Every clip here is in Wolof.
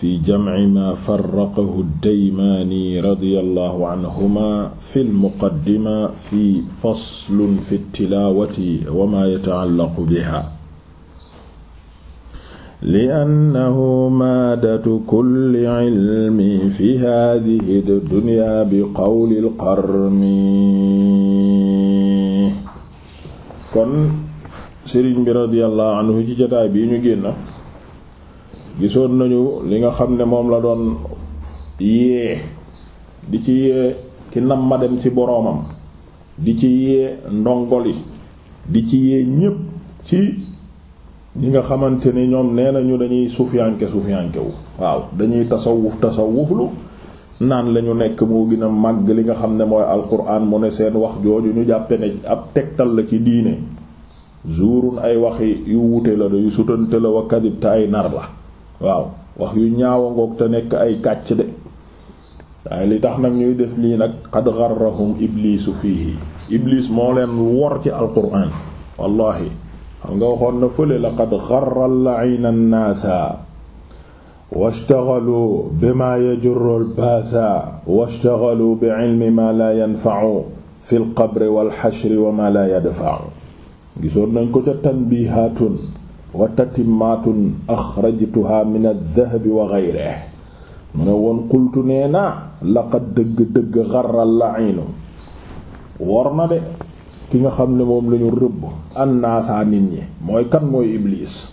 fi jamci ma farraqahu daymaani radiyallahu anhuma fi lmuqaddima fi faslun fi tilaawati wa ma yataallaqu biha liannahu maadatu kulli cilmi fi hadihi dunya bi qawli lqarni kon sëriñ bi radiyallahu anhu ci jotaay bi ñu génn gisoon nañu li nga xam ne moom la doon yee di ci yee ki nam ma dem ci boroomam di ci yee ndongoli di ci yee ñépp ci ñi nga xamante ni ñoom nee nañu dañuy sufiyanke sufiyanke wu waaw dañuy tasawuf tasawuflu naan lañu nekk moo gën a màgg li nga xam ne mooy alquran mu ne seen wax jooju ñu jàppe ne ab tegtal la ci diine zuurun ay waxi yu wute la da yu sutante la wa kadib te ay nar la waaw wax yu ñaawa ngoog te nekk ay kàcc de waaye li tax nag ñuy def lii nag qad gharrahum iblisu fiihi iblis moo leen wor ci alquran wallahi xam nga waxoon na fële laqad gharra al-la'ina an-naasa washtaghalu bima yajurru al-baasa washtaghalu bi'ilmi ma la yanfa'u fi al-qabri wal wa ma la yadfa'u gisoon nañ ko ca tanbihaatun wa tatimmaatun axrajtuha min addahabi wa geyre mu ne woon qultu nee naa laqad dëgg-dëgg xaral la'iinu wor na de ki nga xam ne moom lañu rëbb annaasaa nit ñi mooy kan mooy ibliis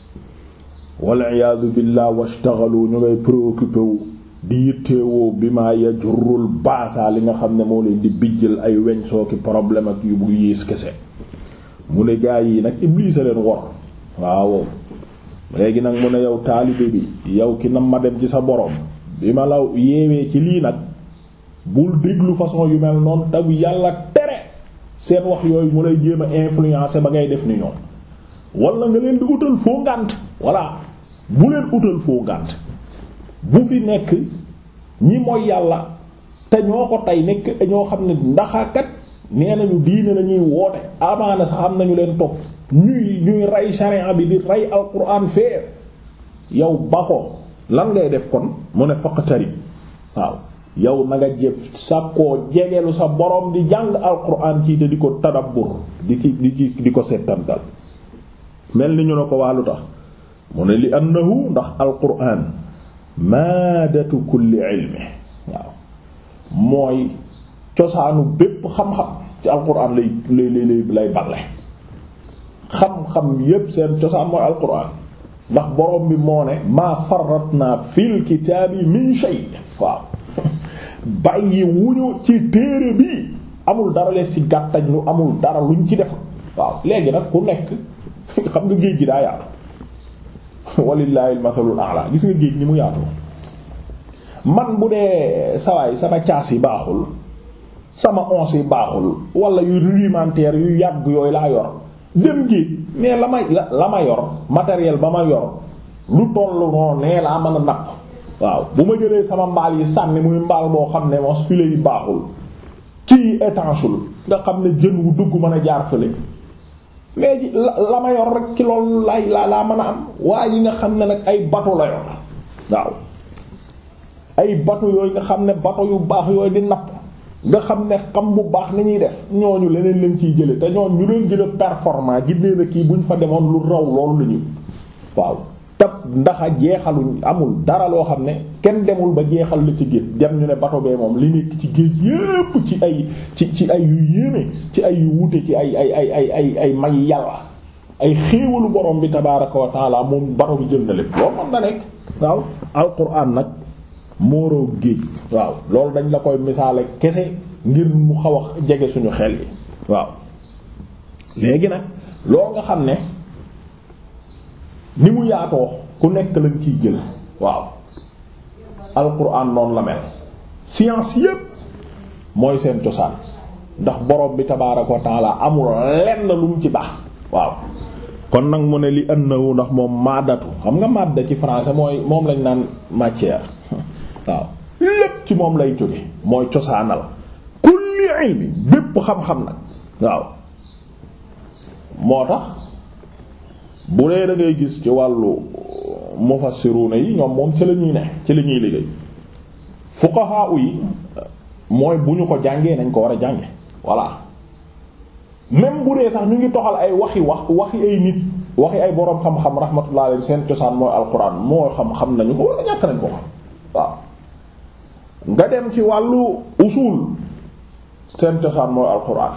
wal iyaadu billaah washtaxalu ñu ngay préoccupé di yitteewoo bi ma yajurul baasaa li nga xam ne moo leen di bijjal ay weñ soo ki problème ak yu bu yées kese mu ne gaa yi nag ibliis a leen wor waaw léegi nag mu ne yow taalibe bi yow ki nam ma dem ci sa boroom bi ma la yeewee ci lii nag bul déglu façon yu mel noonu te yàlla tere seen wax yooyu mu lay jéem a influencer ba ngay def ni ñoom wala nga leen di utal foo ngànt voilà bu leen utal foo ngànt bu fi nekk ñi mooy yàlla te ñoo ko tey nekk ñoo xam ne ndaxakat nee nañu diine la ñuy woote amaana sax am nañu leen topp ñuy ñuy rey sharia bi di rey alquran fee yow ba ko lan ngay def kon mu ne faqtari waaw yow na nga jëf sa koo jegelu sa borom di jàng alquran ci di ko tadabbur di di di ko settantal mel ni ñu ne ko wàllu tax mu ne li annahu ndax alquran maadatu kulli waaw mooy cosaanu bépp xam-xam ci alquran lay lay lay lay xam-xam yépp seen cosaan mooy alquran ndax borom bi moo ne maa farratna fil kitaabi min shay waaw bàyyi wuñu ci téere bi amul dara lees ci gàttañ lu amul dara luñ ci def waaw léegi nag ku nekk xam nga géej gi daa yaatu walillahi almathalul a'la gis nga géej ni mu yaatu man bu dee sawaay sama caas yi baaxul sama once yi baaxul wala yu rudimentaire yu yàgg yooyu laa yor dem gi mais la ma la ma yor matériel ba ma yor lu toll noonu nee laa mën a napp waaw bu ma jëlee sama mbaal yi sànni muy mbaal boo xam ne mos filet yi baaxul kii étancheul nga xam ne jën wu dugg mën a jaar fële mais la ma yor rek ci loolu laay laa laa mën a am waaye yi nga xam ne nag ay bateau la yor waaw ay bateau yooyu nga xam ne bateau yu baax yooyu di napp nga xam ne xam bu baax la ñuy def ñooñu leneen lañ ciy jële te ñoon ñu leen gën a performant gidnee na kii buñ fa demoon lu raw loolu la ñu waaw tab ndax a jeexaluñ amul dara loo xam ne kenn demul ba jeexal la ci génn dem ñu ne bato bee moom li nekk ci géej yépp ci ay ci ci ay yu yéeme ci ay yu wuute ci ay ay ay ay ay ay may yàlla ay xéewalu borom bi tabaaraka wa taala moom bato bi jël na lépp loolu man na nekk waaw alquran nag mooroo géej waaw loolu dañ la koy misaale kese ngir mu xaw jege suñu xel yi waaw léegi nag loo nga xam ne ni mu yaatoo ku nekk lañ ciy jël waaw alquran noonu la mel science yépp mooy seen cosaan ndax borom bi tabaaraka wa taala amul lenn lu mu ci baax waaw kon nag mu ne li annahu ndax moom maadatu xam nga madda ci français mooy moom lañ naan matière waaw lépp ci moom lay jóge mooy cosaanal kulli ilmi bépp xam-xam nag waaw moo tax bu dee da gis ci wàllu mufassiruna yi ñoom moom ci la ñuy ne ci la ñuy liggéey fuqaha mooy bu ñu ko jàngee nañ ko war a jànge voilà même bu sax ñu ngi toxal ay wax yi wax wax waxi ay nit waxi ay boroom xam-xam rahmatullah alayhi seen cosaan mooy alquran moo xam-xam nañu ko wala ñàkk nañ ko xam nga dem ci wàllu usul seen cosaan mooy alquran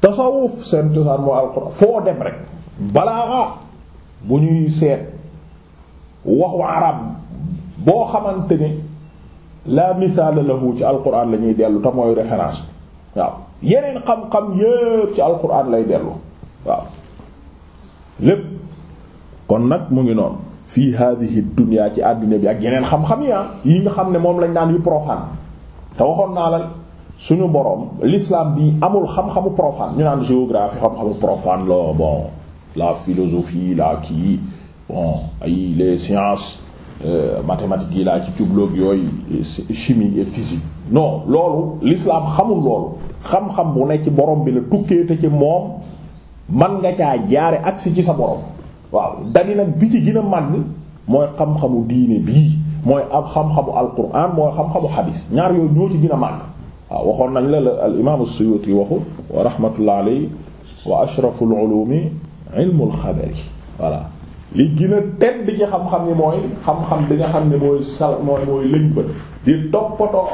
tasawuf seen cosaan mooy alquran foo dem rek balaaxa bu ñuy seet waxu arab boo xamante ne la misaala lahu ci alquran la ñuy dellu te mooy référence bi waaw yeneen xam-xam yépp ci alquran lay dellu waaw lépp kon nag mu ngi noonu fii hadhihi dunya ci àddina bi ak yeneen xam-xam yi ah yi nga xam ne moom lañ naan yu profane te waxoon naa la suñu borom l'islam bi amul xam-xamu profane ñu naan géographie xam-xamu profane la bon la philosophie la kii bon ay les sciences euh, mathématiques yi laa ci jubloog yooyu chimie et physique non loolu l'islam xamul loolu xam-xam bu ne ci borom bi la tukkee te ci moom man nga caa jaare agsi ci sa borom waaw dani nag bi ci gën a màgg mooy xam-xamu diine bii mooy ab xam-xamu alquran mooy xam-xamu xadis ñaar yooyu ñoo ci gën a màgg waaw waxoon nañ la la al imam as-Suyuti waxu wa rahmatullah voilà li gën a xam-xam yi mooy xam-xam nga xam ne mooy sal mooy di toppatoo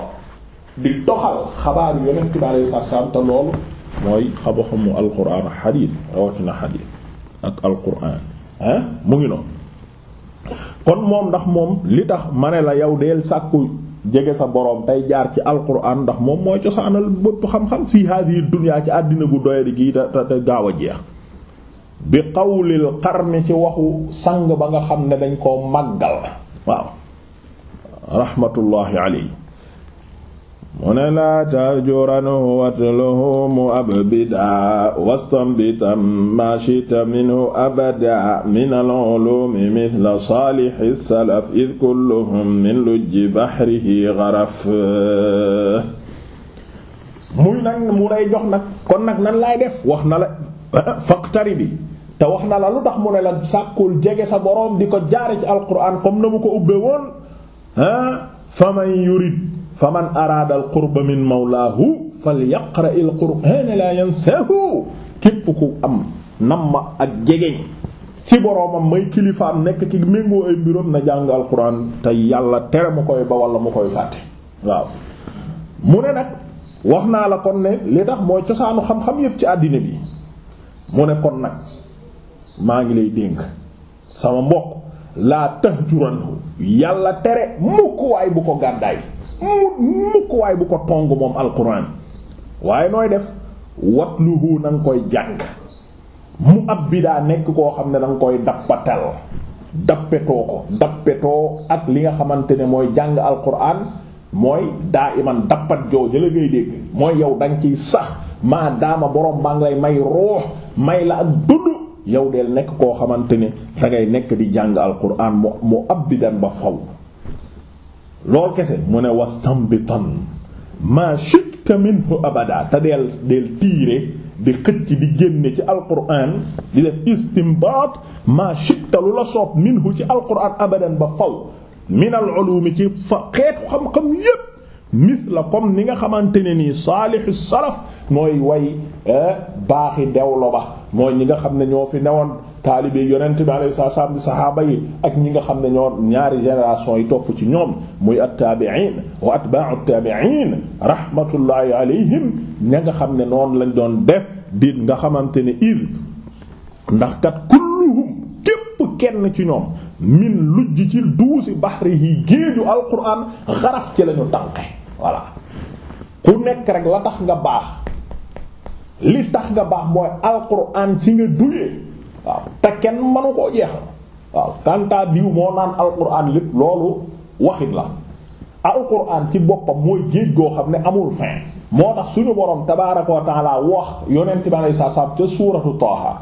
di doxal xabaar yu yonent salaam te loolu mooy xam-xamu alquran xadis rawatina xadis ak alquran ah mu ngi noonu kon moom ndax moom li tax ma ne la yow deel sàkku jege sa boroom tey jaar ci alquran ndax moom mooy cosaanal bëpp xam-xam fii hadihi dunya ci àddina gu doyadi gii te te gaaw a jeex bi qawlil qarni ci waxu sang ba nga xam ne dañ koo màggal waaw rahmatullahi alayhi mu ne laa tajuranhu watluhu mu abbidaa wastambitam mashita minhu abada min al-ulumi mithla saalixi salaf id kulluhum min lujji bahrihi gharaf muy nag mu lay jox nag kon nag nan laay def wax na la faqtari bi te wax na la lu tax mu ne la sàkkul jege sa boroom di ko jaare ci alquran comme na mu ko ubbe woon ah faman yurid faman araada al qurba min mawlaahu falyaqra al qur'aan la yansaahu képp ku am namma ak jegeñ ci boroomam may kilifaam nekk ci méngoo ay mbiroom na jàng al te yàlla tere mu koy ba wala mu koy fàtte waaw mu ne nag wax naa la kon ne li tax mooy cosaanu xam-xam yépp ci àddina bi mu ne kon nag maa ngi lay dénk sama mbokk laa tahjuranhu yàlla tere mukk waay bu ko gàddaay mu mukk waaye bu ko tong moom alquran waaye nooy def watluhu na nga koy jàng mu ab bi daa nekk koo xam ne da koy dappatal dappetoo ko dappetoo ak li nga xamante ne mooy jàng alquran mooy daa iman dappat joo jëla ngay dégg mooy yow da nga ciy sax maa daama boroom baa ngi lay may ruux may la ak dund yow deel nekk koo xamante ne dangay nekk di jàng alquran mu mu ab bi dan ba faw lool kese mu ne wastambitan ma shi'ta minhu abada te deel deel tiire di xëcc di génne ci alquran di def istimbaat ma shi'ta lu la soob minhu ci alquran abadan ba faw min al ulumi ci fa xeetu xam-xam yépp mis la comme ni nga xamante ne nii saalihu salaf mooy way eh, baaxi dewlo ba mooy ñi nga xam ne ñoo fi newoon taalibe yonent bi alayhi salaam di sahaaba yi ak ñi nga xam ne ñoo ñaari génération yi topp ci ñoom muy at-tabi'in wa atba'u tabi'in rahmatullahi alayhim ña nga xam ne noonu lañ doon def di nga xamante ne id ndax kat kulluhum képp kenn ci ñoom min lujj ci duusi bahri yi géeju alquran xaraf ci lañu tànqe voilà ku nekk rek la tax nga baax li tax nga baax mooy alquran ci nga duyee waaw te kenn mënu koo jeexal waaw diw moo naan alquran lépp loolu waxit la alquran ci boppam mooy géej goo xam ne amul fin moo tax suñu borom tabaaraka wa wax yonent bi alayhi salaam ca suuratu Taaha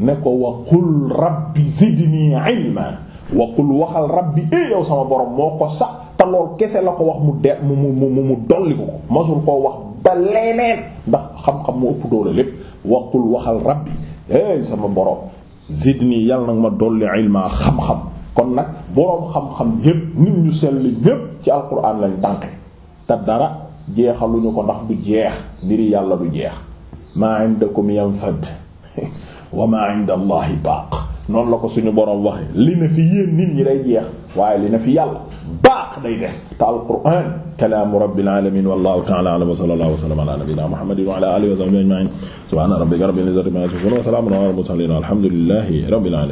ne ko wa qul rabbi zidni wa qul waxal rabbi e yow sama borom moo ko sax te kese la ko wax mu de mu mu mu mu dolli ko masul koo wax ba leneen ndax xam-xam mu ëpp doole lépp waqul waxal rabbi hey sama borom zidni yàlla nag ma dolli ilma xam-xam kon nag boroom xam-xam ñépp nit ñu sell ñépp ci alquran lañ tànke te dara jeexaluñu ko ndax bu jeex mbiri yàlla du jeex maa indakum yanfad wa maa inda baaq noonu la ko suñu borom waxe li na fi yéen nit ñi day jeex waaye li na fi yàlla baax day des te alquran kalaamu rabbil alamin wallahu ta'ala a'lam wa sallallahu wa sallama ala nabiyyina muhammadin wa ala alihi wa sahbihi ajma'in subhana rabbika rabbil izzati amma yasifun wa salamun ala al mursalin walhamdulillahi rabbil alamin